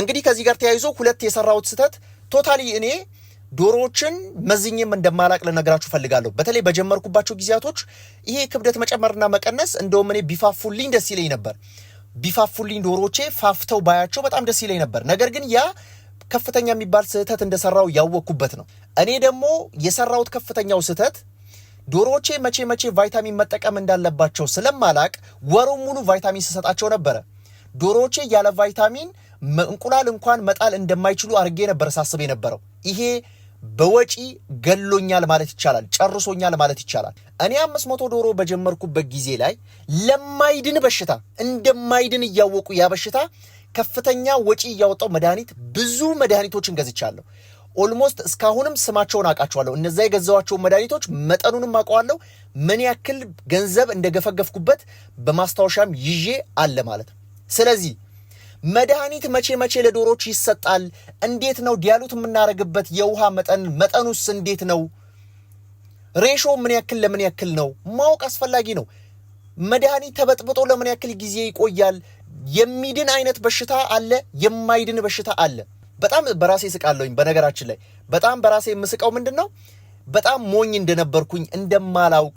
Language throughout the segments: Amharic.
እንግዲህ ከዚህ ጋር ተያይዞ ሁለት የሰራሁት ስህተት ቶታሊ እኔ ዶሮዎችን መዝኝም እንደማላቅ ልነግራችሁ ፈልጋለሁ። በተለይ በጀመርኩባቸው ጊዜያቶች ይሄ ክብደት መጨመርና መቀነስ እንደውም እኔ ቢፋፉልኝ ደስ ይለኝ ነበር። ቢፋፉልኝ ዶሮቼ ፋፍተው ባያቸው በጣም ደስ ይለኝ ነበር። ነገር ግን ያ ከፍተኛ የሚባል ስህተት እንደሰራው ያወቅኩበት ነው። እኔ ደግሞ የሰራሁት ከፍተኛው ስህተት ዶሮዎቼ መቼ መቼ ቫይታሚን መጠቀም እንዳለባቸው ስለማላቅ ወሩ ሙሉ ቫይታሚን ስሰጣቸው ነበረ። ዶሮዎቼ ያለ ቫይታሚን እንቁላል እንኳን መጣል እንደማይችሉ አድርጌ ነበር ሳስብ የነበረው። ይሄ በወጪ ገሎኛል ማለት ይቻላል፣ ጨርሶኛል ማለት ይቻላል። እኔ አምስት መቶ ዶሮ በጀመርኩበት ጊዜ ላይ ለማይድን በሽታ እንደማይድን እያወቁ ያ በሽታ ከፍተኛ ወጪ እያወጣው መድኃኒት ብዙ መድኃኒቶችን ገዝቻለሁ። ኦልሞስት እስካሁንም ስማቸውን አውቃቸዋለሁ። እነዛ የገዛዋቸውን መድኃኒቶች መጠኑንም አውቀዋለሁ። ምን ያክል ገንዘብ እንደገፈገፍኩበት በማስታወሻም ይዤ አለ ማለት ነው። ስለዚህ መድኃኒት መቼ መቼ ለዶሮች ይሰጣል? እንዴት ነው ዲያሉት የምናደርግበት የውሃ መጠን መጠኑስ እንዴት ነው? ሬሾ ምን ያክል ለምን ያክል ነው ማወቅ አስፈላጊ ነው። መድኃኒት ተበጥብጦ ለምን ያክል ጊዜ ይቆያል? የሚድን አይነት በሽታ አለ፣ የማይድን በሽታ አለ። በጣም በራሴ ስቃለሁኝ። በነገራችን ላይ በጣም በራሴ የምስቀው ምንድን ነው በጣም ሞኝ እንደነበርኩኝ እንደማላውቅ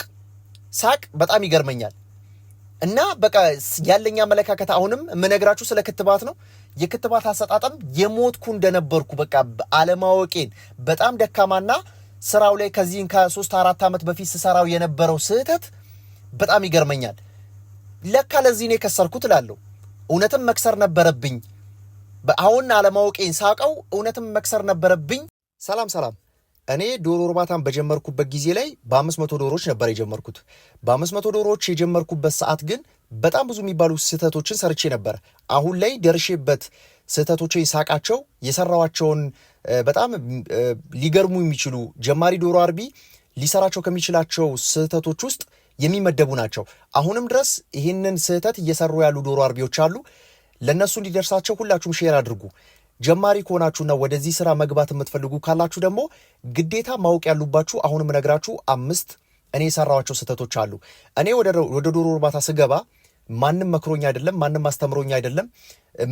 ሳቅ በጣም ይገርመኛል። እና በቃ ያለኝ አመለካከት አሁንም የምነግራችሁ ስለ ክትባት ነው። የክትባት አሰጣጠም የሞትኩ እንደነበርኩ በቃ አለማወቄን በጣም ደካማና ስራው ላይ ከዚህን ከሶስት አራት ዓመት በፊት ስሰራው የነበረው ስህተት በጣም ይገርመኛል። ለካ ለዚህ ነው የከሰርኩት እላለሁ። እውነትም መክሰር ነበረብኝ። አሁን አለማወቄን ሳውቀው እውነትም መክሰር ነበረብኝ። ሰላም ሰላም እኔ ዶሮ እርባታን በጀመርኩበት ጊዜ ላይ በአምስት መቶ ዶሮዎች ነበር የጀመርኩት። በአምስት መቶ ዶሮዎች የጀመርኩበት ሰዓት ግን በጣም ብዙ የሚባሉ ስህተቶችን ሰርቼ ነበር። አሁን ላይ ደርሼበት ስህተቶችን ሳቃቸው የሰራዋቸውን በጣም ሊገርሙ የሚችሉ ጀማሪ ዶሮ አርቢ ሊሰራቸው ከሚችላቸው ስህተቶች ውስጥ የሚመደቡ ናቸው። አሁንም ድረስ ይህንን ስህተት እየሰሩ ያሉ ዶሮ አርቢዎች አሉ። ለእነሱ እንዲደርሳቸው ሁላችሁም ሼር አድርጉ። ጀማሪ ከሆናችሁና ወደዚህ ስራ መግባት የምትፈልጉ ካላችሁ ደግሞ ግዴታ ማወቅ ያሉባችሁ አሁንም ነግራችሁ አምስት እኔ የሰራኋቸው ስህተቶች አሉ። እኔ ወደ ዶሮ እርባታ ስገባ ማንም መክሮኝ አይደለም፣ ማንም አስተምሮኝ አይደለም፣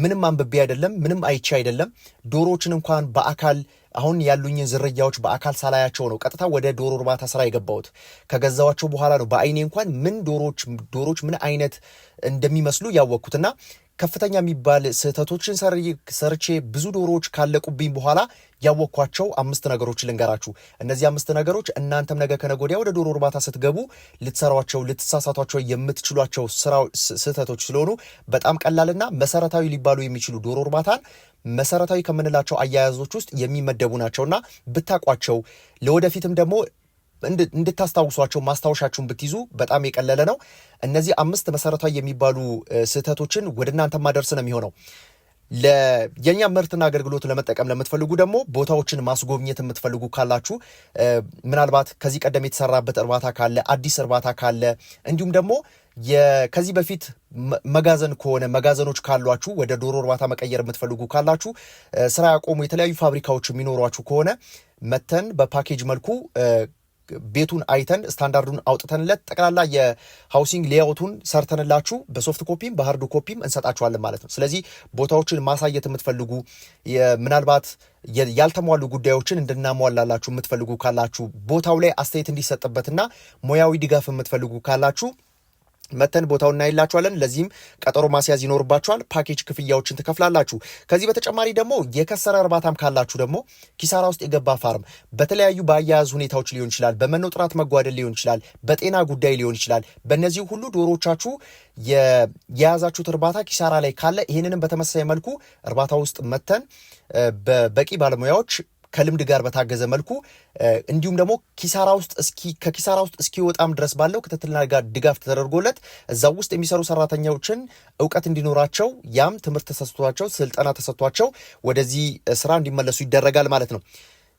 ምንም አንብቤ አይደለም፣ ምንም አይቼ አይደለም። ዶሮዎችን እንኳን በአካል አሁን ያሉኝን ዝርያዎች በአካል ሳላያቸው ነው ቀጥታ ወደ ዶሮ እርባታ ስራ የገባሁት። ከገዛዋቸው በኋላ ነው በአይኔ እንኳን ምን ዶሮች ዶሮች ምን አይነት እንደሚመስሉ ያወቅኩትና ከፍተኛ የሚባል ስህተቶችን ሰርቼ ብዙ ዶሮዎች ካለቁብኝ በኋላ ያወቅኳቸው አምስት ነገሮች ልንገራችሁ። እነዚህ አምስት ነገሮች እናንተም ነገ ከነገ ወዲያ ወደ ዶሮ እርባታ ስትገቡ ልትሰሯቸው፣ ልትሳሳቷቸው የምትችሏቸው ስህተቶች ስለሆኑ በጣም ቀላልና መሰረታዊ ሊባሉ የሚችሉ ዶሮ እርባታን መሰረታዊ ከምንላቸው አያያዞች ውስጥ የሚመደቡ ናቸውና ብታቋቸው ለወደፊትም ደግሞ እንድታስታውሷቸው ማስታወሻችሁን ብትይዙ በጣም የቀለለ ነው። እነዚህ አምስት መሰረታዊ የሚባሉ ስህተቶችን ወደ እናንተ ማደርስ ነው የሚሆነው። የእኛ ምርትና አገልግሎት ለመጠቀም ለምትፈልጉ ደግሞ ቦታዎችን ማስጎብኘት የምትፈልጉ ካላችሁ ምናልባት ከዚህ ቀደም የተሰራበት እርባታ ካለ አዲስ እርባታ ካለ እንዲሁም ደግሞ ከዚህ በፊት መጋዘን ከሆነ መጋዘኖች ካሏችሁ ወደ ዶሮ እርባታ መቀየር የምትፈልጉ ካላችሁ ስራ ያቆሙ የተለያዩ ፋብሪካዎች የሚኖሯችሁ ከሆነ መተን በፓኬጅ መልኩ ቤቱን አይተን ስታንዳርዱን አውጥተንለት ጠቅላላ የሃውሲንግ ሌያውቱን ሰርተንላችሁ በሶፍት ኮፒም በሀርድ ኮፒም እንሰጣችኋለን ማለት ነው። ስለዚህ ቦታዎችን ማሳየት የምትፈልጉ ምናልባት ያልተሟሉ ጉዳዮችን እንድናሟላላችሁ የምትፈልጉ ካላችሁ ቦታው ላይ አስተያየት እንዲሰጥበትና ሙያዊ ድጋፍ የምትፈልጉ ካላችሁ መተን ቦታውን እናይላችኋለን። ለዚህም ቀጠሮ ማስያዝ ይኖርባችኋል። ፓኬጅ ክፍያዎችን ትከፍላላችሁ። ከዚህ በተጨማሪ ደግሞ የከሰረ እርባታም ካላችሁ ደግሞ ኪሳራ ውስጥ የገባ ፋርም በተለያዩ በአያያዝ ሁኔታዎች ሊሆን ይችላል፣ በመኖ ጥራት መጓደል ሊሆን ይችላል፣ በጤና ጉዳይ ሊሆን ይችላል። በእነዚህ ሁሉ ዶሮቻችሁ የያዛችሁት እርባታ ኪሳራ ላይ ካለ ይህንንም በተመሳሳይ መልኩ እርባታ ውስጥ መተን በበቂ ባለሙያዎች ከልምድ ጋር በታገዘ መልኩ እንዲሁም ደግሞ ኪሳራ ውስጥ እስኪ ከኪሳራ ውስጥ እስኪወጣም ድረስ ባለው ክትትልና ጋር ድጋፍ ተደርጎለት እዛ ውስጥ የሚሰሩ ሰራተኛዎችን እውቀት እንዲኖራቸው ያም ትምህርት ተሰጥቷቸው ስልጠና ተሰጥቷቸው ወደዚህ ስራ እንዲመለሱ ይደረጋል ማለት ነው።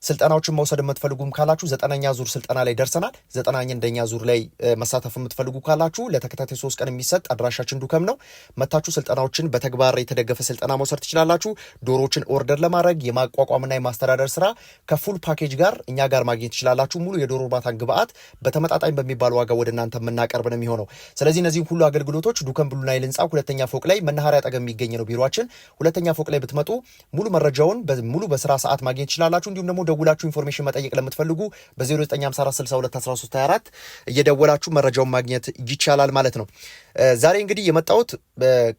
ስልጠናዎችን መውሰድ የምትፈልጉም ካላችሁ ዘጠነኛ ዙር ስልጠና ላይ ደርሰናል። ዘጠናኝ እንደኛ ዙር ላይ መሳተፍ የምትፈልጉ ካላችሁ ለተከታታይ ሶስት ቀን የሚሰጥ አድራሻችን ዱከም ነው። መታችሁ ስልጠናዎችን በተግባር የተደገፈ ስልጠና መውሰድ ትችላላችሁ። ዶሮዎችን ኦርደር ለማድረግ የማቋቋምና የማስተዳደር ስራ ከፉል ፓኬጅ ጋር እኛ ጋር ማግኘት ትችላላችሁ። ሙሉ የዶሮ እርባታ ግብአት በተመጣጣኝ በሚባል ዋጋ ወደ እናንተ የምናቀርብ ነው የሚሆነው። ስለዚህ እነዚህ ሁሉ አገልግሎቶች ዱከም ብሉ ናይል ህንፃ ሁለተኛ ፎቅ ላይ መናኸሪያ አጠገብ የሚገኝ ነው ቢሮችን። ሁለተኛ ፎቅ ላይ ብትመጡ ሙሉ መረጃውን ሙሉ በስራ ሰዓት ማግኘት ትችላላችሁ። እንዲሁም ደግሞ ደውላችሁ ኢንፎርሜሽን መጠየቅ ለምትፈልጉ በ0954621324 እየደወላችሁ መረጃውን ማግኘት ይቻላል ማለት ነው። ዛሬ እንግዲህ የመጣሁት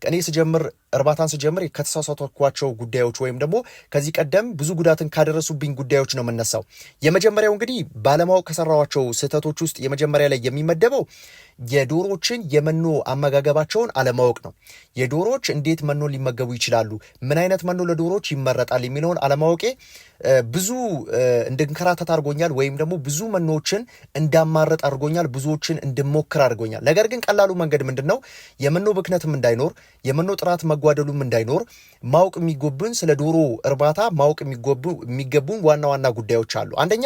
እኔ ስጀምር እርባታን ስጀምር ከተሳሳትኳቸው ጉዳዮች ወይም ደግሞ ከዚህ ቀደም ብዙ ጉዳትን ካደረሱብኝ ጉዳዮች ነው የምነሳው። የመጀመሪያው እንግዲህ ባለማወቅ ከሰራኋቸው ስህተቶች ውስጥ የመጀመሪያ ላይ የሚመደበው የዶሮችን የመኖ አመጋገባቸውን አለማወቅ ነው። የዶሮች እንዴት መኖ ሊመገቡ ይችላሉ፣ ምን አይነት መኖ ለዶሮች ይመረጣል የሚለውን አለማወቄ ብዙ እንድንከራተት አድርጎኛል፣ ወይም ደግሞ ብዙ መኖዎችን እንዳማረጥ አድርጎኛል፣ ብዙዎችን እንድሞክር አድርጎኛል። ነገር ግን ቀላሉ መንገድ ምንድን ነው የመኖ ብክነትም እንዳይኖር የመኖ ጥራት መጓደሉም እንዳይኖር ማወቅ የሚጎብን ስለ ዶሮ እርባታ ማወቅ የሚገቡን ዋና ዋና ጉዳዮች አሉ። አንደኛ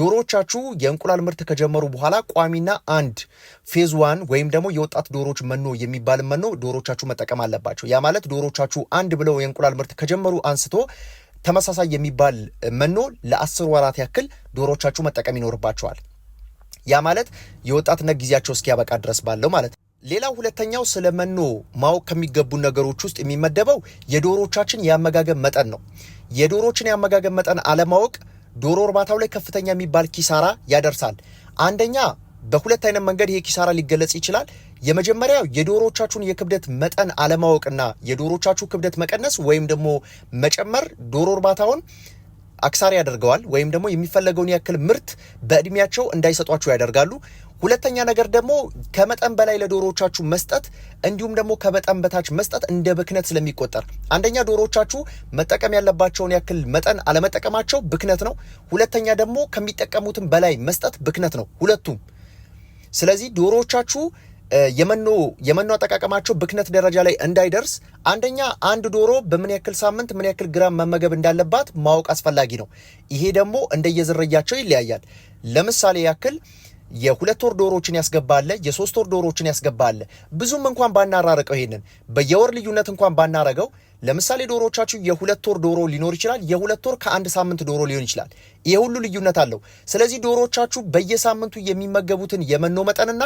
ዶሮዎቻችሁ የእንቁላል ምርት ከጀመሩ በኋላ ቋሚና አንድ ፌዝ ዋን ወይም ደግሞ የወጣት ዶሮች መኖ የሚባል መኖ ዶሮቻችሁ መጠቀም አለባቸው። ያ ማለት ዶሮቻችሁ አንድ ብለው የእንቁላል ምርት ከጀመሩ አንስቶ ተመሳሳይ የሚባል መኖ ለአስር ወራት ያክል ዶሮቻችሁ መጠቀም ይኖርባቸዋል። ያ ማለት የወጣትነት ጊዜያቸው እስኪያበቃ ድረስ ባለው ማለት ነው። ሌላው ሁለተኛው ስለ መኖ ማወቅ ከሚገቡ ነገሮች ውስጥ የሚመደበው የዶሮቻችን የአመጋገብ መጠን ነው። የዶሮችን የአመጋገብ መጠን አለማወቅ ዶሮ እርባታው ላይ ከፍተኛ የሚባል ኪሳራ ያደርሳል። አንደኛ በሁለት አይነት መንገድ ይሄ ኪሳራ ሊገለጽ ይችላል። የመጀመሪያው የዶሮቻችሁን የክብደት መጠን አለማወቅና የዶሮቻችሁ ክብደት መቀነስ ወይም ደግሞ መጨመር ዶሮ እርባታውን አክሳሪ ያደርገዋል ወይም ደግሞ የሚፈለገውን ያክል ምርት በእድሜያቸው እንዳይሰጧችሁ ያደርጋሉ። ሁለተኛ ነገር ደግሞ ከመጠን በላይ ለዶሮዎቻችሁ መስጠት እንዲሁም ደግሞ ከመጠን በታች መስጠት እንደ ብክነት ስለሚቆጠር አንደኛ ዶሮዎቻችሁ መጠቀም ያለባቸውን ያክል መጠን አለመጠቀማቸው ብክነት ነው። ሁለተኛ ደግሞ ከሚጠቀሙትም በላይ መስጠት ብክነት ነው ሁለቱም። ስለዚህ ዶሮዎቻችሁ የመኖ የመኖ አጠቃቀማቸው ብክነት ደረጃ ላይ እንዳይደርስ አንደኛ አንድ ዶሮ በምን ያክል ሳምንት ምን ያክል ግራም መመገብ እንዳለባት ማወቅ አስፈላጊ ነው። ይሄ ደግሞ እንደየዝርያቸው ይለያያል። ለምሳሌ ያክል የሁለት ወር ዶሮዎችን ያስገባለ፣ የሶስት ወር ዶሮዎችን ያስገባለ። ብዙም እንኳን ባናራርቀው ይሄንን በየወር ልዩነት እንኳን ባናረገው፣ ለምሳሌ ዶሮዎቻችሁ የሁለት ወር ዶሮ ሊኖር ይችላል፣ የሁለት ወር ከአንድ ሳምንት ዶሮ ሊሆን ይችላል። ይሄ ሁሉ ልዩነት አለው። ስለዚህ ዶሮዎቻችሁ በየሳምንቱ የሚመገቡትን የመኖ መጠንና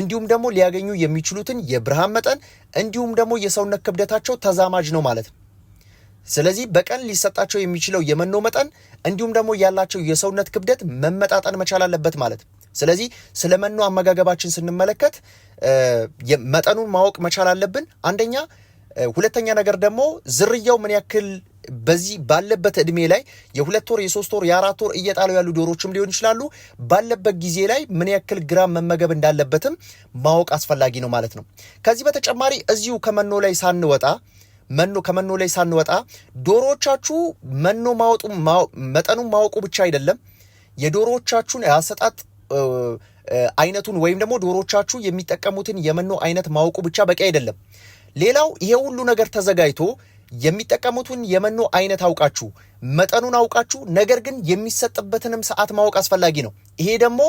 እንዲሁም ደግሞ ሊያገኙ የሚችሉትን የብርሃን መጠን እንዲሁም ደግሞ የሰውነት ክብደታቸው ተዛማጅ ነው ማለት ነው። ስለዚህ በቀን ሊሰጣቸው የሚችለው የመኖ መጠን እንዲሁም ደግሞ ያላቸው የሰውነት ክብደት መመጣጠን መቻል አለበት ማለት ነው። ስለዚህ ስለ መኖ አመጋገባችን ስንመለከት መጠኑን ማወቅ መቻል አለብን አንደኛ። ሁለተኛ ነገር ደግሞ ዝርያው ምን ያክል በዚህ ባለበት እድሜ ላይ የሁለት ወር የሶስት ወር የአራት ወር እየጣሉ ያሉ ዶሮችም ሊሆን ይችላሉ። ባለበት ጊዜ ላይ ምን ያክል ግራም መመገብ እንዳለበትም ማወቅ አስፈላጊ ነው ማለት ነው። ከዚህ በተጨማሪ እዚሁ ከመኖ ላይ ሳንወጣ መኖ ከመኖ ላይ ሳንወጣ ዶሮዎቻችሁ መኖ ማወጡ መጠኑን ማወቁ ብቻ አይደለም የዶሮዎቻችሁን አሰጣጥ አይነቱን ወይም ደግሞ ዶሮቻችሁ የሚጠቀሙትን የመኖ አይነት ማወቁ ብቻ በቂ አይደለም። ሌላው ይሄ ሁሉ ነገር ተዘጋጅቶ የሚጠቀሙትን የመኖ አይነት አውቃችሁ መጠኑን አውቃችሁ ነገር ግን የሚሰጥበትንም ሰዓት ማወቅ አስፈላጊ ነው። ይሄ ደግሞ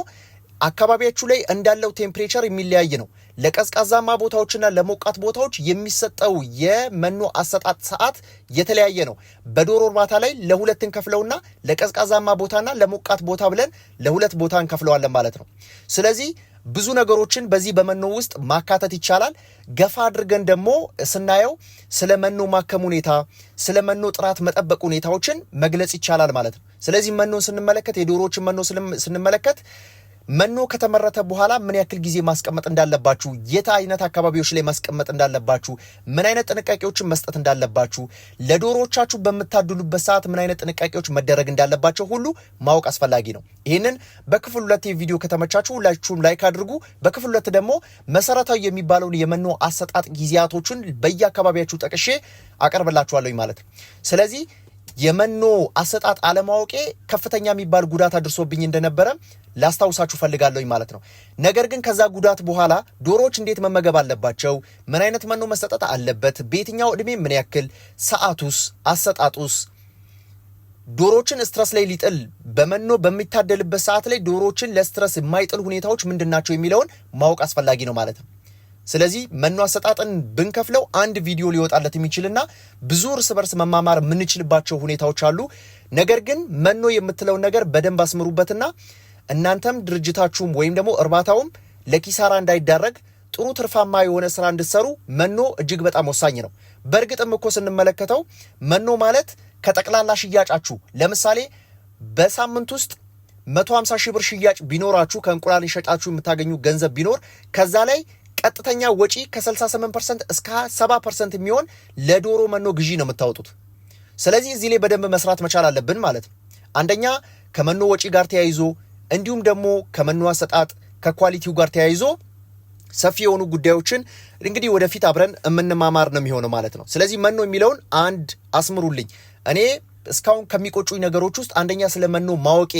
አካባቢያችሁ ላይ እንዳለው ቴምፕሬቸር የሚለያይ ነው። ለቀዝቃዛማ ቦታዎችና ለሞቃት ቦታዎች የሚሰጠው የመኖ አሰጣጥ ሰዓት የተለያየ ነው። በዶሮ እርባታ ላይ ለሁለት እንከፍለውና ለቀዝቃዛማ ቦታና ለሞቃት ቦታ ብለን ለሁለት ቦታ እንከፍለዋለን ማለት ነው። ስለዚህ ብዙ ነገሮችን በዚህ በመኖ ውስጥ ማካተት ይቻላል። ገፋ አድርገን ደግሞ ስናየው ስለ መኖ ማከም ሁኔታ፣ ስለ መኖ ጥራት መጠበቅ ሁኔታዎችን መግለጽ ይቻላል ማለት ነው። ስለዚህ መኖን ስንመለከት የዶሮዎችን መኖ ስንመለከት መኖ ከተመረተ በኋላ ምን ያክል ጊዜ ማስቀመጥ እንዳለባችሁ፣ የት አይነት አካባቢዎች ላይ ማስቀመጥ እንዳለባችሁ፣ ምን አይነት ጥንቃቄዎችን መስጠት እንዳለባችሁ፣ ለዶሮዎቻችሁ በምታድሉበት ሰዓት ምን አይነት ጥንቃቄዎች መደረግ እንዳለባቸው ሁሉ ማወቅ አስፈላጊ ነው። ይህንን በክፍል ሁለት የቪዲዮ ከተመቻችሁ ሁላችሁም ላይክ አድርጉ። በክፍል ሁለት ደግሞ መሰረታዊ የሚባለውን የመኖ አሰጣጥ ጊዜያቶቹን በየአካባቢያችሁ ጠቅሼ አቀርብላችኋለሁ ማለት ስለዚህ የመኖ አሰጣጥ አለማወቄ ከፍተኛ የሚባል ጉዳት አድርሶብኝ እንደነበረ ላስታውሳችሁ ፈልጋለሁኝ ማለት ነው። ነገር ግን ከዛ ጉዳት በኋላ ዶሮዎች እንዴት መመገብ አለባቸው፣ ምን አይነት መኖ መሰጠት አለበት፣ በየትኛው እድሜ ምን ያክል፣ ሰዓቱስ፣ አሰጣጡስ ዶሮዎችን ስትረስ ላይ ሊጥል በመኖ በሚታደልበት ሰዓት ላይ ዶሮዎችን ለስትረስ የማይጥል ሁኔታዎች ምንድን ናቸው የሚለውን ማወቅ አስፈላጊ ነው ማለት ነው። ስለዚህ መኖ አሰጣጥን ብንከፍለው አንድ ቪዲዮ ሊወጣለት የሚችልና ብዙ እርስ በርስ መማማር የምንችልባቸው ሁኔታዎች አሉ። ነገር ግን መኖ የምትለውን ነገር በደንብ አስምሩበትና እናንተም ድርጅታችሁም ወይም ደግሞ እርባታውም ለኪሳራ እንዳይዳረግ ጥሩ ትርፋማ የሆነ ስራ እንድትሰሩ መኖ እጅግ በጣም ወሳኝ ነው። በእርግጥም እኮ ስንመለከተው መኖ ማለት ከጠቅላላ ሽያጫችሁ ለምሳሌ በሳምንት ውስጥ 150 ሺህ ብር ሽያጭ ቢኖራችሁ ከእንቁላል ሸጣችሁ የምታገኙ ገንዘብ ቢኖር ከዛ ላይ ቀጥተኛ ወጪ ከ68 ፐርሰንት እስከ 70 ፐርሰንት የሚሆን ለዶሮ መኖ ግዢ ነው የምታወጡት። ስለዚህ እዚህ ላይ በደንብ መስራት መቻል አለብን ማለት ነው። አንደኛ ከመኖ ወጪ ጋር ተያይዞ እንዲሁም ደግሞ ከመኖ አሰጣጥ ከኳሊቲው ጋር ተያይዞ ሰፊ የሆኑ ጉዳዮችን እንግዲህ ወደፊት አብረን የምንማማር ነው የሚሆነው ማለት ነው። ስለዚህ መኖ የሚለውን አንድ አስምሩልኝ። እኔ እስካሁን ከሚቆጩኝ ነገሮች ውስጥ አንደኛ ስለ መኖ ማወቄ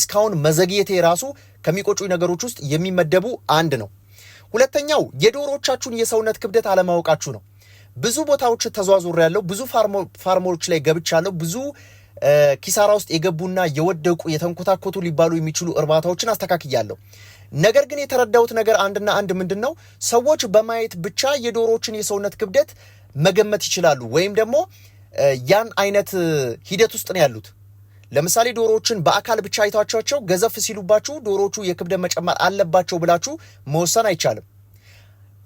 እስካሁን መዘግየቴ ራሱ ከሚቆጩኝ ነገሮች ውስጥ የሚመደቡ አንድ ነው። ሁለተኛው የዶሮቻችሁን የሰውነት ክብደት አለማወቃችሁ ነው። ብዙ ቦታዎች ተዟዙር ያለው ብዙ ፋርሞች ላይ ገብቻለሁ። ብዙ ኪሳራ ውስጥ የገቡና የወደቁ የተንኮታኮቱ ሊባሉ የሚችሉ እርባታዎችን አስተካክያለሁ። ነገር ግን የተረዳሁት ነገር አንድና አንድ ምንድን ነው፣ ሰዎች በማየት ብቻ የዶሮዎችን የሰውነት ክብደት መገመት ይችላሉ፣ ወይም ደግሞ ያን አይነት ሂደት ውስጥ ነው ያሉት። ለምሳሌ ዶሮዎችን በአካል ብቻ አይታቸቸው ገዘፍ ሲሉባችሁ ዶሮዎቹ የክብደት መጨመር አለባቸው ብላችሁ መወሰን አይቻልም።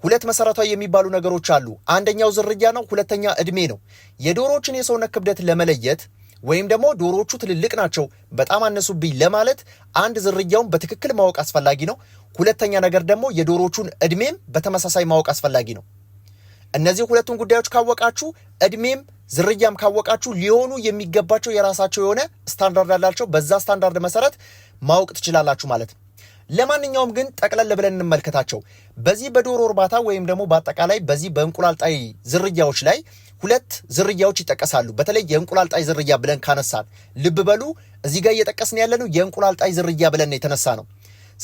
ሁለት መሰረታዊ የሚባሉ ነገሮች አሉ። አንደኛው ዝርያ ነው፣ ሁለተኛ እድሜ ነው። የዶሮዎችን የሰውነት ክብደት ለመለየት ወይም ደግሞ ዶሮዎቹ ትልልቅ ናቸው፣ በጣም አነሱብኝ ለማለት አንድ ዝርያውን በትክክል ማወቅ አስፈላጊ ነው። ሁለተኛ ነገር ደግሞ የዶሮዎቹን እድሜም በተመሳሳይ ማወቅ አስፈላጊ ነው። እነዚህ ሁለቱን ጉዳዮች ካወቃችሁ እድሜም ዝርያም ካወቃችሁ ሊሆኑ የሚገባቸው የራሳቸው የሆነ ስታንዳርድ አላቸው። በዛ ስታንዳርድ መሰረት ማወቅ ትችላላችሁ ማለት ነው። ለማንኛውም ግን ጠቅለል ብለን እንመልከታቸው። በዚህ በዶሮ እርባታ ወይም ደግሞ በአጠቃላይ በዚህ በእንቁላል ጣይ ዝርያዎች ላይ ሁለት ዝርያዎች ይጠቀሳሉ። በተለይ የእንቁላል ጣይ ዝርያ ብለን ካነሳን ልብ በሉ፣ እዚህ ጋር እየጠቀስን ያለነው የእንቁላል ጣይ ዝርያ ብለን የተነሳ ነው።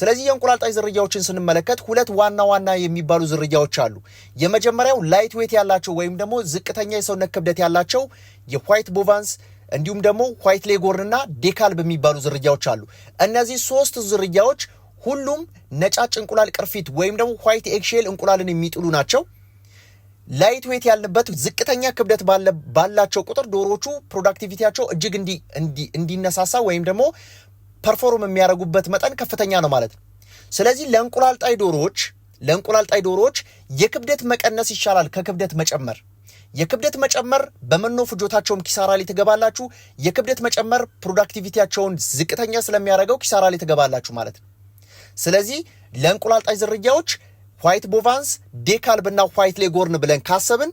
ስለዚህ የእንቁላል ጣይ ዝርያዎችን ስንመለከት ሁለት ዋና ዋና የሚባሉ ዝርያዎች አሉ። የመጀመሪያው ላይት ዌት ያላቸው ወይም ደግሞ ዝቅተኛ የሰውነት ክብደት ያላቸው የዋይት ቦቫንስ እንዲሁም ደግሞ ዋይት ሌጎርን እና ዴካል በሚባሉ ዝርያዎች አሉ። እነዚህ ሶስት ዝርያዎች ሁሉም ነጫጭ እንቁላል ቅርፊት ወይም ደግሞ ዋይት ኤግሼል እንቁላልን የሚጥሉ ናቸው። ላይት ዌት ያልንበት ዝቅተኛ ክብደት ባላቸው ቁጥር ዶሮቹ ፕሮዳክቲቪቲያቸው እጅግ እንዲነሳሳ ወይም ደግሞ ፐርፎርም የሚያደርጉበት መጠን ከፍተኛ ነው ማለት ነው። ስለዚህ ለእንቁላል ጣይ ዶሮዎች ለእንቁላል ጣይ ዶሮዎች የክብደት መቀነስ ይሻላል ከክብደት መጨመር። የክብደት መጨመር በመኖ ፍጆታቸውም ኪሳራ ላይ ትገባላችሁ። የክብደት መጨመር ፕሮዳክቲቪቲያቸውን ዝቅተኛ ስለሚያደርገው ኪሳራ ላይ ትገባላችሁ ማለት ነው። ስለዚህ ለእንቁላል ጣይ ዝርያዎች ዋይት ቦቫንስ፣ ዴካልብ እና ዋይት ሌጎርን ብለን ካሰብን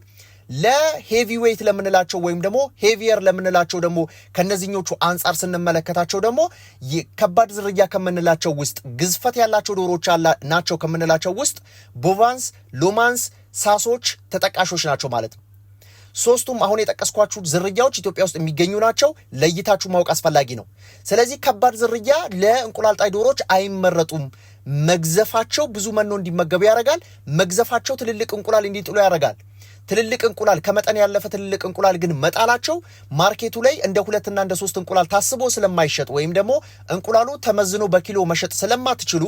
ለሄቪዌይት ለምንላቸው ወይም ደግሞ ሄቪየር ለምንላቸው ደግሞ ከነዚህኞቹ አንጻር ስንመለከታቸው ደግሞ ከባድ ዝርያ ከምንላቸው ውስጥ ግዝፈት ያላቸው ዶሮዎች ናቸው ከምንላቸው ውስጥ ቦቫንስ፣ ሎማንስ፣ ሳሶች ተጠቃሾች ናቸው ማለት ነው። ሶስቱም አሁን የጠቀስኳችሁ ዝርያዎች ኢትዮጵያ ውስጥ የሚገኙ ናቸው። ለይታችሁ ማወቅ አስፈላጊ ነው። ስለዚህ ከባድ ዝርያ ለእንቁላል ጣይ ዶሮዎች አይመረጡም። መግዘፋቸው ብዙ መኖ እንዲመገቡ ያደርጋል። መግዘፋቸው ትልልቅ እንቁላል እንዲጥሉ ያደርጋል። ትልልቅ እንቁላል ከመጠን ያለፈ ትልልቅ እንቁላል ግን መጣላቸው ማርኬቱ ላይ እንደ ሁለትና እንደ ሶስት እንቁላል ታስቦ ስለማይሸጥ ወይም ደግሞ እንቁላሉ ተመዝኖ በኪሎ መሸጥ ስለማትችሉ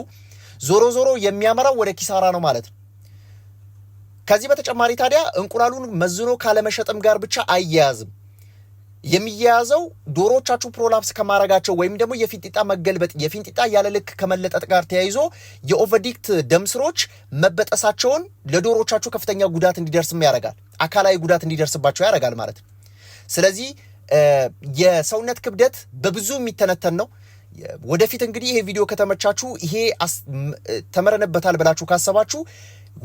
ዞሮ ዞሮ የሚያመራው ወደ ኪሳራ ነው ማለት ነው። ከዚህ በተጨማሪ ታዲያ እንቁላሉን መዝኖ ካለመሸጥም ጋር ብቻ አያያዝም። የሚያያዘው ዶሮቻችሁ ፕሮላፕስ ከማድረጋቸው ወይም ደግሞ የፊንጢጣ መገልበጥ የፊንጢጣ ያለ ልክ ከመለጠጥ ጋር ተያይዞ የኦቨዲክት ደም ስሮች መበጠሳቸውን ለዶሮቻችሁ ከፍተኛ ጉዳት እንዲደርስም ያደርጋል። አካላዊ ጉዳት እንዲደርስባቸው ያደርጋል ማለት ነው። ስለዚህ የሰውነት ክብደት በብዙ የሚተነተን ነው። ወደፊት እንግዲህ ይሄ ቪዲዮ ከተመቻችሁ ይሄ ተምረንበታል ብላችሁ ካሰባችሁ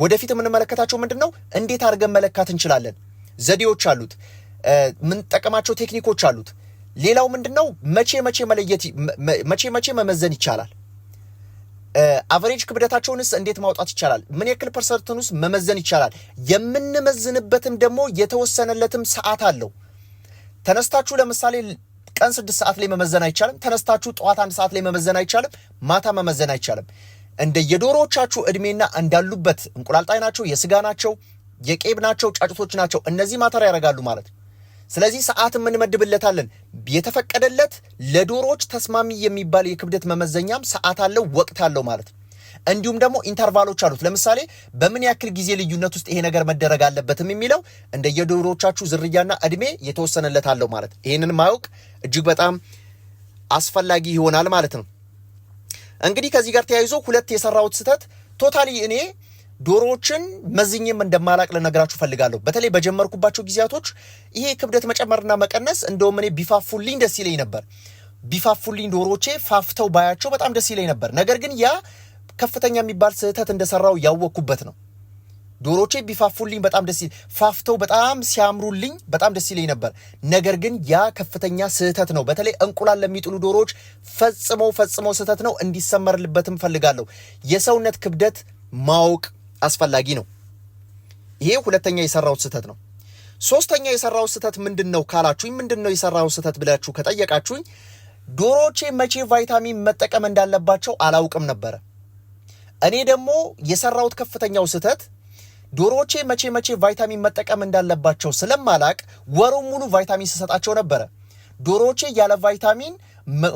ወደፊት የምንመለከታቸው ምንድን ነው፣ እንዴት አድርገን መለካት እንችላለን፣ ዘዴዎች አሉት። የምንጠቀማቸው ቴክኒኮች አሉት። ሌላው ምንድን ነው? መቼ መቼ መለየት መቼ መቼ መመዘን ይቻላል? አቨሬጅ ክብደታቸውንስ እንዴት ማውጣት ይቻላል? ምን ያክል ፐርሰንትን መመዘን ይቻላል? የምንመዝንበትም ደግሞ የተወሰነለትም ሰዓት አለው። ተነስታችሁ ለምሳሌ ቀን ስድስት ሰዓት ላይ መመዘን አይቻልም። ተነስታችሁ ጠዋት አንድ ሰዓት ላይ መመዘን አይቻልም። ማታ መመዘን አይቻልም። እንደ የዶሮዎቻችሁ እድሜና እንዳሉበት እንቁላልጣይ ናቸው፣ የስጋ ናቸው፣ የቄብ ናቸው፣ ጫጭቶች ናቸው። እነዚህ ማተር ያደርጋሉ ማለት ነው። ስለዚህ ሰዓት እንመድብለታለን። የተፈቀደለት ለዶሮዎች ተስማሚ የሚባል የክብደት መመዘኛም ሰዓት አለው፣ ወቅት አለው ማለት ነው። እንዲሁም ደግሞ ኢንተርቫሎች አሉት። ለምሳሌ በምን ያክል ጊዜ ልዩነት ውስጥ ይሄ ነገር መደረግ አለበትም የሚለው እንደ የዶሮዎቻችሁ ዝርያና እድሜ የተወሰነለት አለው ማለት ነው። ይህንን ማወቅ እጅግ በጣም አስፈላጊ ይሆናል ማለት ነው። እንግዲህ ከዚህ ጋር ተያይዞ ሁለት የሰራሁት ስህተት ቶታሊ እኔ ዶሮዎችን መዝኝም እንደማላቅ ልነግራችሁ ፈልጋለሁ። በተለይ በጀመርኩባቸው ጊዜያቶች ይሄ ክብደት መጨመርና መቀነስ እንደውም እኔ ቢፋፉልኝ ደስ ይለኝ ነበር። ቢፋፉልኝ ዶሮቼ ፋፍተው ባያቸው በጣም ደስ ይለኝ ነበር። ነገር ግን ያ ከፍተኛ የሚባል ስህተት እንደሰራው ያወቅኩበት ነው። ዶሮቼ ቢፋፉልኝ በጣም ደስ ፋፍተው በጣም ሲያምሩልኝ በጣም ደስ ይለኝ ነበር። ነገር ግን ያ ከፍተኛ ስህተት ነው። በተለይ እንቁላል ለሚጥሉ ዶሮዎች ፈጽሞ ፈጽሞ ስህተት ነው። እንዲሰመርልበትም ፈልጋለሁ። የሰውነት ክብደት ማወቅ አስፈላጊ ነው። ይሄ ሁለተኛ የሰራው ስህተት ነው። ሶስተኛ የሰራው ስህተት ምንድን ነው ካላችሁኝ፣ ምንድን ነው የሰራው ስህተት ብላችሁ ከጠየቃችሁኝ፣ ዶሮቼ መቼ ቫይታሚን መጠቀም እንዳለባቸው አላውቅም ነበረ። እኔ ደግሞ የሰራሁት ከፍተኛው ስህተት ዶሮቼ መቼ መቼ ቫይታሚን መጠቀም እንዳለባቸው ስለማላቅ ወሩን ሙሉ ቫይታሚን ስሰጣቸው ነበረ። ዶሮቼ ያለ ቫይታሚን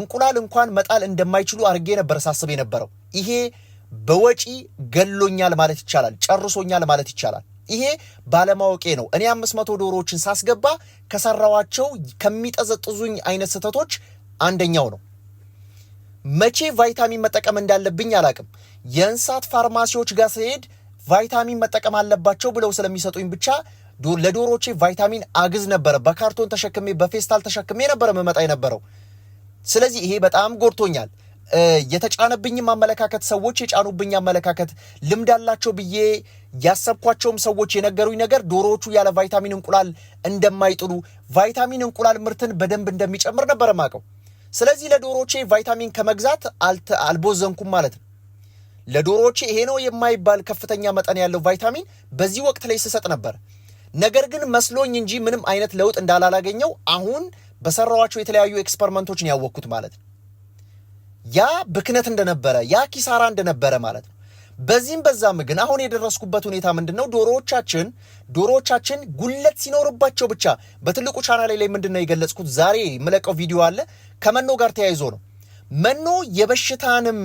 እንቁላል እንኳን መጣል እንደማይችሉ አድርጌ ነበር ሳስብ የነበረው ይሄ በወጪ ገሎኛል ማለት ይቻላል፣ ጨርሶኛል ማለት ይቻላል። ይሄ ባለማወቄ ነው። እኔ አምስት መቶ ዶሮዎችን ሳስገባ ከሰራዋቸው ከሚጠዘጥዙኝ አይነት ስህተቶች አንደኛው ነው። መቼ ቫይታሚን መጠቀም እንዳለብኝ አላቅም። የእንስሳት ፋርማሲዎች ጋር ስሄድ ቫይታሚን መጠቀም አለባቸው ብለው ስለሚሰጡኝ ብቻ ለዶሮቼ ቫይታሚን አግዝ ነበረ። በካርቶን ተሸክሜ በፌስታል ተሸክሜ ነበረ መመጣ የነበረው። ስለዚህ ይሄ በጣም ጎድቶኛል። የተጫነብኝም አመለካከት ሰዎች የጫኑብኝ አመለካከት ልምድ አላቸው ብዬ ያሰብኳቸውም ሰዎች የነገሩኝ ነገር ዶሮዎቹ ያለ ቫይታሚን እንቁላል እንደማይጥሉ ቫይታሚን እንቁላል ምርትን በደንብ እንደሚጨምር ነበር ማቀው። ስለዚህ ለዶሮቼ ቫይታሚን ከመግዛት አልቦዘንኩም ማለት ነው። ለዶሮዎቼ ይሄ ነው የማይባል ከፍተኛ መጠን ያለው ቫይታሚን በዚህ ወቅት ላይ ስሰጥ ነበር። ነገር ግን መስሎኝ እንጂ ምንም አይነት ለውጥ እንዳላላገኘው አሁን በሰራዋቸው የተለያዩ ኤክስፐሪመንቶች ነው ያወቅኩት ማለት ነው። ያ ብክነት እንደነበረ ያ ኪሳራ እንደነበረ ማለት ነው። በዚህም በዛም ግን አሁን የደረስኩበት ሁኔታ ምንድን ነው? ዶሮዎቻችን ዶሮዎቻችን ጉለት ሲኖርባቸው ብቻ በትልቁ ቻናሌ ላይ ምንድን ነው የገለጽኩት፣ ዛሬ የምለቀው ቪዲዮ አለ ከመኖ ጋር ተያይዞ ነው። መኖ የበሽታንም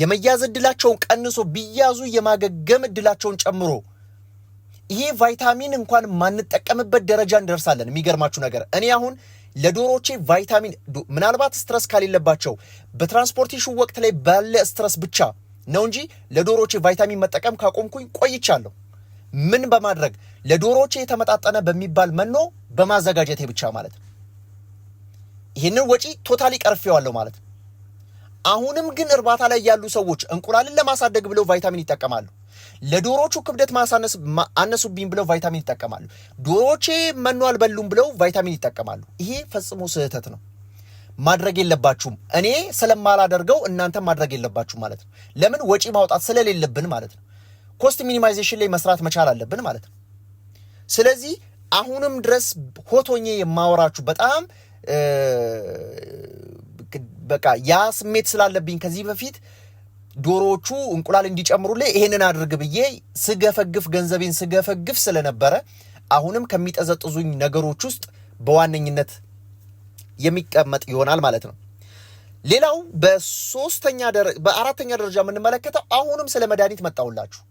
የመያዝ እድላቸውን ቀንሶ ቢያዙ የማገገም እድላቸውን ጨምሮ ይሄ ቫይታሚን እንኳን ማንጠቀምበት ደረጃ እንደርሳለን። የሚገርማችሁ ነገር እኔ አሁን ለዶሮቼ ቫይታሚን ምናልባት ስትረስ ካሌለባቸው በትራንስፖርቴሽን ወቅት ላይ ባለ ስትረስ ብቻ ነው እንጂ ለዶሮቼ ቫይታሚን መጠቀም ካቆምኩኝ ቆይቻለሁ። ምን በማድረግ ለዶሮቼ የተመጣጠነ በሚባል መኖ በማዘጋጀቴ ብቻ ማለት ይህንን ወጪ ቶታሊ ቀርፌዋለሁ ማለት። አሁንም ግን እርባታ ላይ ያሉ ሰዎች እንቁላልን ለማሳደግ ብለው ቫይታሚን ይጠቀማሉ። ለዶሮቹ ክብደት ማሳነስ አነሱብኝ ብለው ቫይታሚን ይጠቀማሉ። ዶሮቼ መኖ አልበሉም ብለው ቫይታሚን ይጠቀማሉ። ይሄ ፈጽሞ ስህተት ነው፣ ማድረግ የለባችሁም። እኔ ስለማላደርገው እናንተ ማድረግ የለባችሁም ማለት ነው። ለምን ወጪ ማውጣት ስለሌለብን ማለት ነው። ኮስት ሚኒማይዜሽን ላይ መስራት መቻል አለብን ማለት ነው። ስለዚህ አሁንም ድረስ ሆቶኜ የማወራችሁ በጣም በቃ ያ ስሜት ስላለብኝ ከዚህ በፊት ዶሮዎቹ እንቁላል እንዲጨምሩልኝ ይሄንን አድርግ ብዬ ስገፈግፍ ገንዘቤን ስገፈግፍ ስለነበረ አሁንም ከሚጠዘጥዙኝ ነገሮች ውስጥ በዋነኝነት የሚቀመጥ ይሆናል ማለት ነው። ሌላው በሶስተኛ በአራተኛ ደረጃ የምንመለከተው አሁንም ስለ መድኃኒት መጣውላችሁ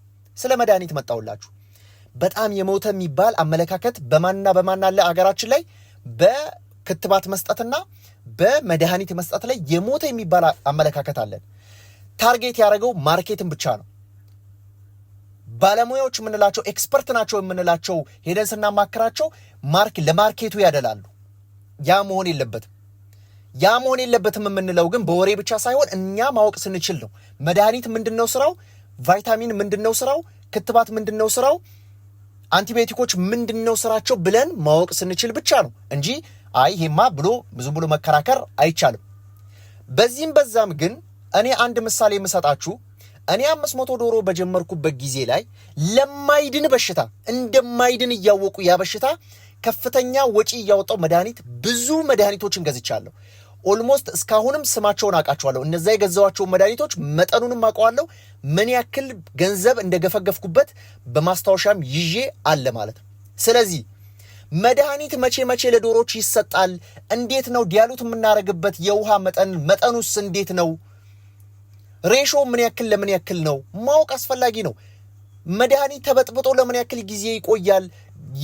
ስለ መድኃኒት መጣውላችሁ። በጣም የሞተ የሚባል አመለካከት በማንና በማን አለ አገራችን ላይ በክትባት መስጠትና በመድኃኒት መስጠት ላይ የሞተ የሚባል አመለካከት አለን። ታርጌት ያደረገው ማርኬትን ብቻ ነው። ባለሙያዎች የምንላቸው ኤክስፐርት ናቸው የምንላቸው ሄደን ስናማክራቸው ማርክ ለማርኬቱ ያደላሉ። ያ መሆን የለበትም። ያ መሆን የለበትም የምንለው ግን በወሬ ብቻ ሳይሆን እኛ ማወቅ ስንችል ነው። መድኃኒት ምንድን ነው ስራው? ቫይታሚን ምንድን ነው ስራው? ክትባት ምንድን ነው ስራው? አንቲቢዮቲኮች ምንድን ነው ስራቸው ብለን ማወቅ ስንችል ብቻ ነው እንጂ አይ ይሄማ ብሎ ብዙ ብሎ መከራከር አይቻልም። በዚህም በዛም ግን እኔ አንድ ምሳሌ የምሰጣችሁ እኔ አምስት መቶ ዶሮ በጀመርኩበት ጊዜ ላይ ለማይድን በሽታ እንደማይድን እያወቁ ያ በሽታ ከፍተኛ ወጪ እያወጣው መድኃኒት ብዙ መድኃኒቶችን ገዝቻለሁ። ኦልሞስት እስካሁንም ስማቸውን አውቃቸዋለሁ። እነዛ የገዛዋቸውን መድኃኒቶች መጠኑንም አውቀዋለሁ። ምን ያክል ገንዘብ እንደገፈገፍኩበት በማስታወሻም ይዤ አለ ማለት ነው። ስለዚህ መድኃኒት መቼ መቼ ለዶሮች ይሰጣል? እንዴት ነው ዲያሉት የምናደርግበት? የውሃ መጠን መጠኑስ እንዴት ነው? ሬሾ ምን ያክል ለምን ያክል ነው ማወቅ አስፈላጊ ነው። መድኃኒት ተበጥብጦ ለምን ያክል ጊዜ ይቆያል?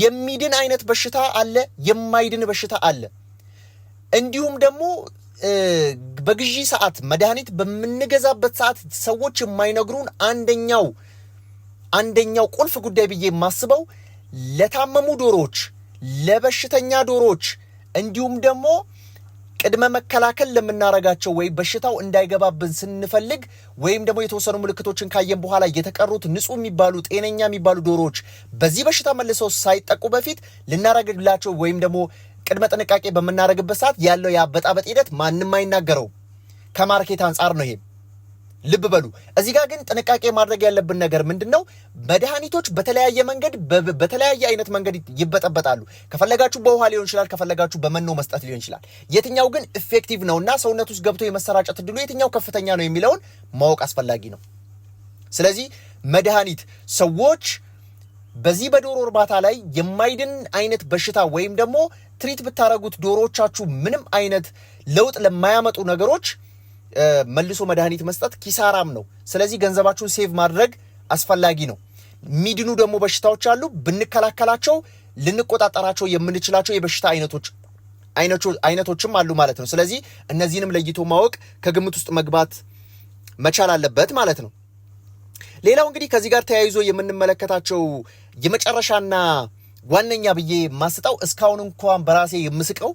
የሚድን አይነት በሽታ አለ፣ የማይድን በሽታ አለ። እንዲሁም ደግሞ በግዢ ሰዓት መድኃኒት በምንገዛበት ሰዓት ሰዎች የማይነግሩን አንደኛው አንደኛው ቁልፍ ጉዳይ ብዬ የማስበው ለታመሙ ዶሮዎች፣ ለበሽተኛ ዶሮዎች እንዲሁም ደግሞ ቅድመ መከላከል ለምናረጋቸው ወይም በሽታው እንዳይገባብን ስንፈልግ ወይም ደግሞ የተወሰኑ ምልክቶችን ካየን በኋላ የተቀሩት ንጹህ የሚባሉ ጤነኛ የሚባሉ ዶሮዎች በዚህ በሽታ መልሰው ሳይጠቁ በፊት ልናረግላቸው ወይም ደግሞ ቅድመ ጥንቃቄ በምናደርግበት ሰዓት ያለው የአበጣበጥ ሂደት ማንም አይናገረው። ከማርኬት አንጻር ነው ይሄ። ልብ በሉ። እዚህ ጋር ግን ጥንቃቄ ማድረግ ያለብን ነገር ምንድን ነው? መድኃኒቶች በተለያየ መንገድ በተለያየ አይነት መንገድ ይበጠበጣሉ። ከፈለጋችሁ በውሃ ሊሆን ይችላል፣ ከፈለጋችሁ በመኖ መስጠት ሊሆን ይችላል። የትኛው ግን ኢፌክቲቭ ነው እና ሰውነት ውስጥ ገብቶ የመሰራጨት እድሉ የትኛው ከፍተኛ ነው የሚለውን ማወቅ አስፈላጊ ነው። ስለዚህ መድኃኒት ሰዎች በዚህ በዶሮ እርባታ ላይ የማይድን አይነት በሽታ ወይም ደግሞ ትሪት ብታረጉት ዶሮዎቻችሁ ምንም አይነት ለውጥ ለማያመጡ ነገሮች መልሶ መድኃኒት መስጠት ኪሳራም ነው። ስለዚህ ገንዘባችሁን ሴቭ ማድረግ አስፈላጊ ነው። የሚድኑ ደግሞ በሽታዎች አሉ። ብንከላከላቸው ልንቆጣጠራቸው የምንችላቸው የበሽታ አይነቶች አይነቶችም አሉ ማለት ነው። ስለዚህ እነዚህንም ለይቶ ማወቅ ከግምት ውስጥ መግባት መቻል አለበት ማለት ነው። ሌላው እንግዲህ ከዚህ ጋር ተያይዞ የምንመለከታቸው የመጨረሻና ዋነኛ ብዬ የማስጣው እስካሁን እንኳን በራሴ የምስቀው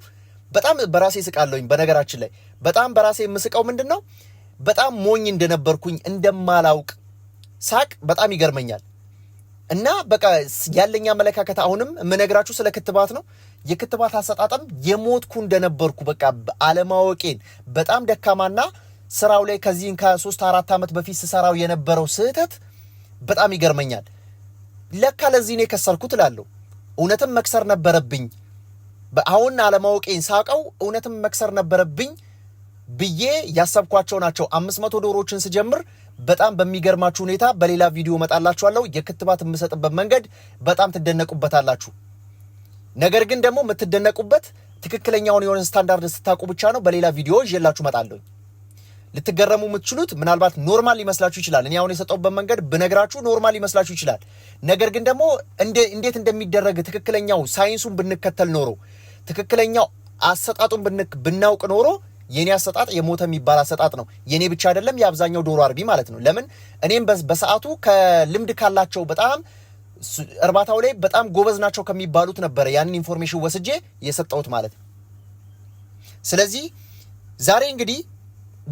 በጣም በራሴ ስቃለሁኝ። በነገራችን ላይ በጣም በራሴ የምስቀው ምንድን ነው በጣም ሞኝ እንደነበርኩኝ እንደማላውቅ ሳቅ በጣም ይገርመኛል። እና በቃ ያለኝ አመለካከት አሁንም የምነግራችሁ ስለ ክትባት ነው። የክትባት አሰጣጠም የሞትኩ እንደነበርኩ በቃ አለማወቄን በጣም ደካማና ስራው ላይ ከዚህን ከሶስት አራት ዓመት በፊት ስሰራው የነበረው ስህተት በጣም ይገርመኛል። ለካ ለዚህ ነው የከሰርኩት እላለሁ። እውነትም መክሰር ነበረብኝ አሁን አለማወቄን ሳቀው እውነትም መክሰር ነበረብኝ ብዬ ያሰብኳቸው ናቸው። አምስት መቶ ዶሮዎችን ስጀምር በጣም በሚገርማችሁ ሁኔታ በሌላ ቪዲዮ እመጣላችኋለሁ። የክትባት የምሰጥበት መንገድ በጣም ትደነቁበታላችሁ። ነገር ግን ደግሞ የምትደነቁበት ትክክለኛውን የሆነ ስታንዳርድ ስታውቁ ብቻ ነው። በሌላ ቪዲዮ ይዤላችሁ እመጣለሁ። ልትገረሙ የምትችሉት ምናልባት ኖርማል ሊመስላችሁ ይችላል። እኔ አሁን የሰጠሁበት መንገድ ብነግራችሁ ኖርማል ሊመስላችሁ ይችላል። ነገር ግን ደግሞ እንዴት እንደሚደረግ ትክክለኛው ሳይንሱን ብንከተል ኖሮ ትክክለኛው አሰጣጡን ብናውቅ ኖሮ የኔ አሰጣጥ የሞተ የሚባል አሰጣጥ ነው። የኔ ብቻ አይደለም የአብዛኛው ዶሮ አርቢ ማለት ነው። ለምን እኔም በሰዓቱ ከልምድ ካላቸው በጣም እርባታው ላይ በጣም ጎበዝ ናቸው ከሚባሉት ነበረ ያንን ኢንፎርሜሽን ወስጄ የሰጠሁት ማለት ነው። ስለዚህ ዛሬ እንግዲህ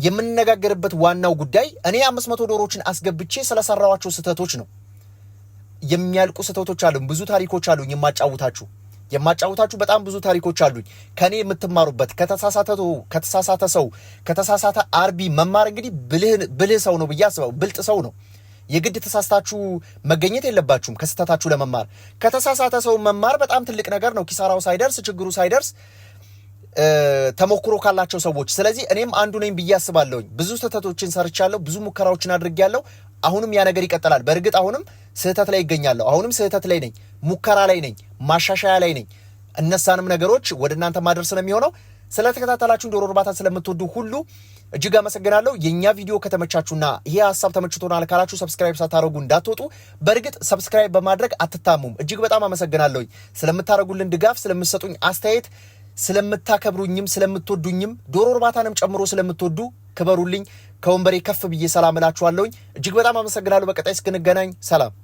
የምንነጋገርበት ዋናው ጉዳይ እኔ አምስት መቶ ዶሮዎችን አስገብቼ ስለሰራዋቸው ስህተቶች ነው። የሚያልቁ ስህተቶች አሉ፣ ብዙ ታሪኮች አሉ የማጫውታችሁ የማጫወታችሁ በጣም ብዙ ታሪኮች አሉኝ ከኔ የምትማሩበት። ከተሳሳተ ሰው ከተሳሳተ አርቢ መማር እንግዲህ ብልህ ሰው ነው ብዬ አስበው ብልጥ ሰው ነው። የግድ ተሳስታችሁ መገኘት የለባችሁም ከስህተታችሁ ለመማር። ከተሳሳተ ሰው መማር በጣም ትልቅ ነገር ነው፣ ኪሳራው ሳይደርስ ችግሩ ሳይደርስ ተሞክሮ ካላቸው ሰዎች። ስለዚህ እኔም አንዱ ነኝ ብዬ አስባለሁኝ። ብዙ ስህተቶችን ሰርቻለሁ፣ ብዙ ሙከራዎችን አድርጌያለሁ። አሁንም ያ ነገር ይቀጥላል። በእርግጥ አሁንም ስህተት ላይ ይገኛለሁ። አሁንም ስህተት ላይ ነኝ፣ ሙከራ ላይ ነኝ። ማሻሻያ ላይ ነኝ። እነሳንም ነገሮች ወደ እናንተ ማድረስ ነው የሚሆነው። ስለተከታተላችሁን ዶሮ እርባታ ስለምትወዱ ሁሉ እጅግ አመሰግናለሁ። የእኛ ቪዲዮ ከተመቻችሁና ይሄ ሀሳብ ተመችቶናል ካላችሁ ሰብስክራይብ ሳታደረጉ እንዳትወጡ። በእርግጥ ሰብስክራይብ በማድረግ አትታሙም። እጅግ በጣም አመሰግናለሁኝ ስለምታደረጉልን ድጋፍ፣ ስለምትሰጡኝ አስተያየት፣ ስለምታከብሩኝም፣ ስለምትወዱኝም ዶሮ እርባታንም ጨምሮ ስለምትወዱ ክበሩልኝ። ከወንበሬ ከፍ ብዬ ሰላም እላችኋለሁኝ። እጅግ በጣም አመሰግናለሁ። በቀጣይ እስክንገናኝ ሰላም።